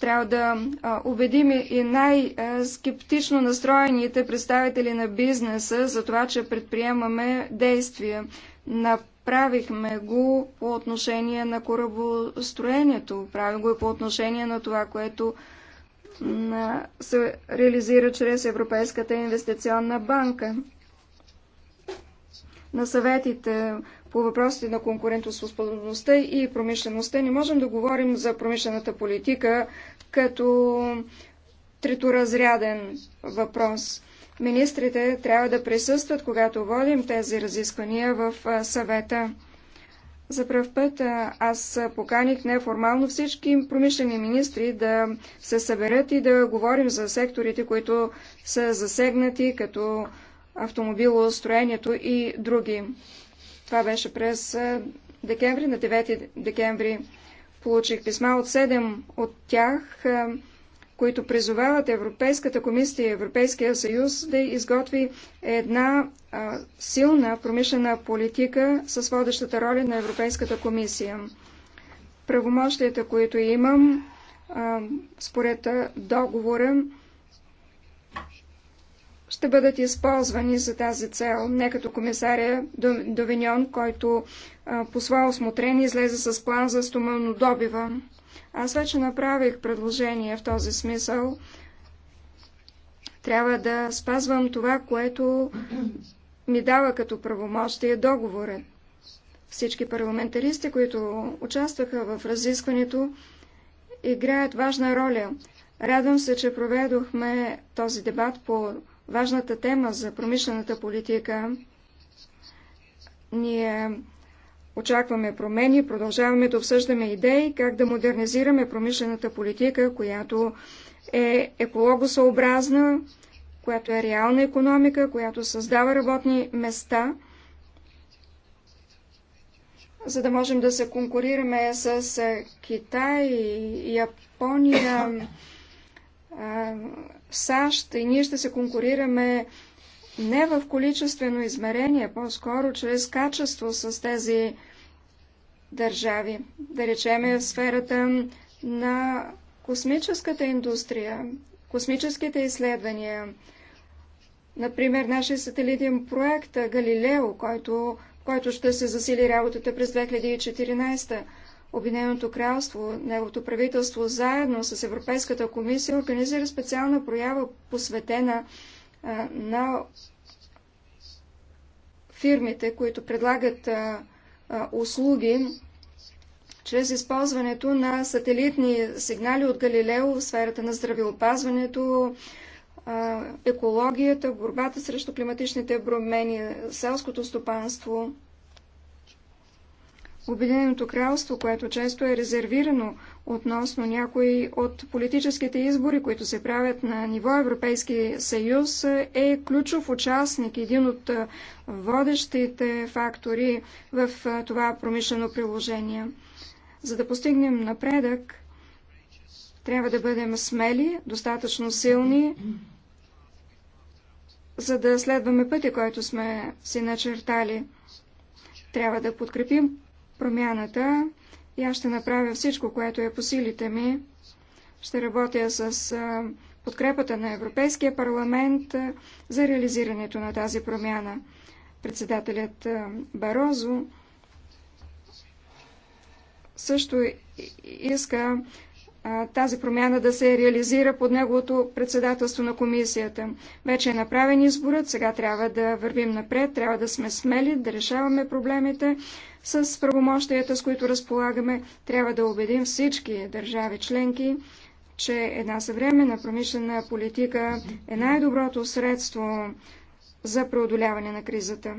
Трябва да убедим и най-скептично настроените представители на бизнеса за това, че предприемаме действия. Направихме го по отношение на корабостроението, правим го и по отношение на това, което се реализира чрез Европейската инвестиционна банка. На съветите по въпросите на конкурентоспособността и промишлеността не можем да говорим за промишлената политика като треторазряден въпрос. Министрите трябва да присъстват, когато водим тези разисквания в съвета. За пръв път аз поканих неформално всички промишлени министри да се съберат и да говорим за секторите, които са засегнати, като автомобилостроението и други. Това беше през декември, на 9 декември. Получих писма от 7 от тях които призовават Европейската комисия и Европейския съюз да изготви една а, силна промишлена политика с водещата роля на Европейската комисия. Правомощията, които имам а, според договора, ще бъдат използвани за тази цел. Не като комисаря Довиньон, който а, по своя осмотрение излезе с план за стоманодобива. добива. Аз вече направих предложение в този смисъл. Трябва да спазвам това, което ми дава като правомощие договора. Всички парламентаристи, които участваха в разискването, играят важна роля. Радвам се, че проведохме този дебат по важната тема за промишлената политика. Ние Очакваме промени, продължаваме да обсъждаме идеи как да модернизираме промишлената политика, която е екологосъобразна, която е реална економика, която създава работни места, за да можем да се конкурираме с Китай, Япония, САЩ и ние ще се конкурираме не в количествено измерение, по-скоро чрез качество с тези държави. Да речеме в сферата на космическата индустрия, космическите изследвания. Например, нашия сателитен проект Галилео, който, който ще се засили работата през 2014 Обединеното кралство, неговото правителство, заедно с Европейската комисия, организира специална проява, посветена на фирмите, които предлагат услуги чрез използването на сателитни сигнали от Галилео в сферата на здравеопазването, екологията, борбата срещу климатичните промени, селското стопанство. Обединеното кралство, което често е резервирано относно някои от политическите избори, които се правят на ниво Европейски съюз, е ключов участник, един от водещите фактори в това промишлено приложение. За да постигнем напредък, трябва да бъдем смели, достатъчно силни, за да следваме пътя, който сме си начертали. Трябва да подкрепим промяната и аз ще направя всичко, което е по силите ми. Ще работя с подкрепата на Европейския парламент за реализирането на тази промяна. Председателят Барозо също иска тази промяна да се реализира под неговото председателство на комисията. Вече е направен изборът, сега трябва да вървим напред, трябва да сме смели, да решаваме проблемите с правомощията, с които разполагаме. Трябва да убедим всички държави членки, че една съвременна промишлена политика е най-доброто средство за преодоляване на кризата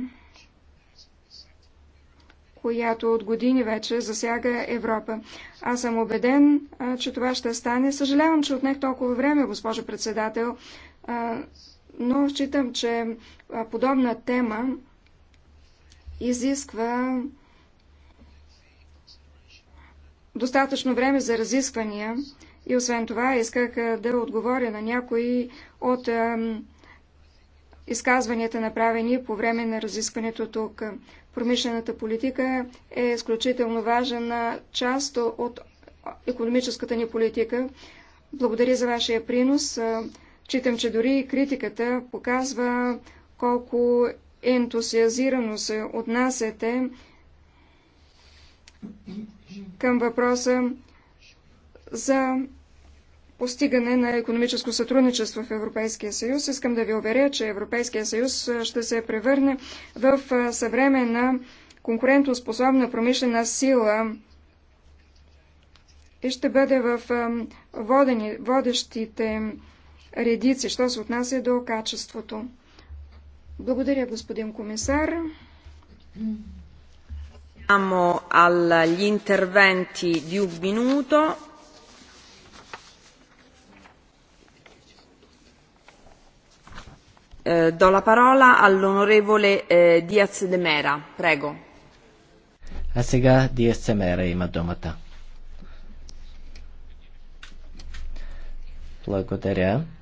която от години вече засяга Европа. Аз съм убеден, че това ще стане. Съжалявам, че отнех толкова време, госпожо председател, но считам, че подобна тема изисква достатъчно време за разисквания и освен това исках да отговоря на някои от изказванията, направени по време на разискването тук. Промишлената политика е изключително важна част от економическата ни политика. Благодаря за вашия принос. Читам, че дори и критиката показва колко ентусиазирано се отнасяте към въпроса за постигане на економическо сътрудничество в Европейския съюз. Искам да ви уверя, че Европейския съюз ще се превърне в съвременна конкурентоспособна промишлена сила и ще бъде в водени, водещите редици, що се отнася до качеството. Благодаря, господин комисар. Siamo agli interventi di un minuto. do la parola all'onorevole eh, Diaz de Mera. Prego. А сега Диаз де Мера има думата. Благодаря.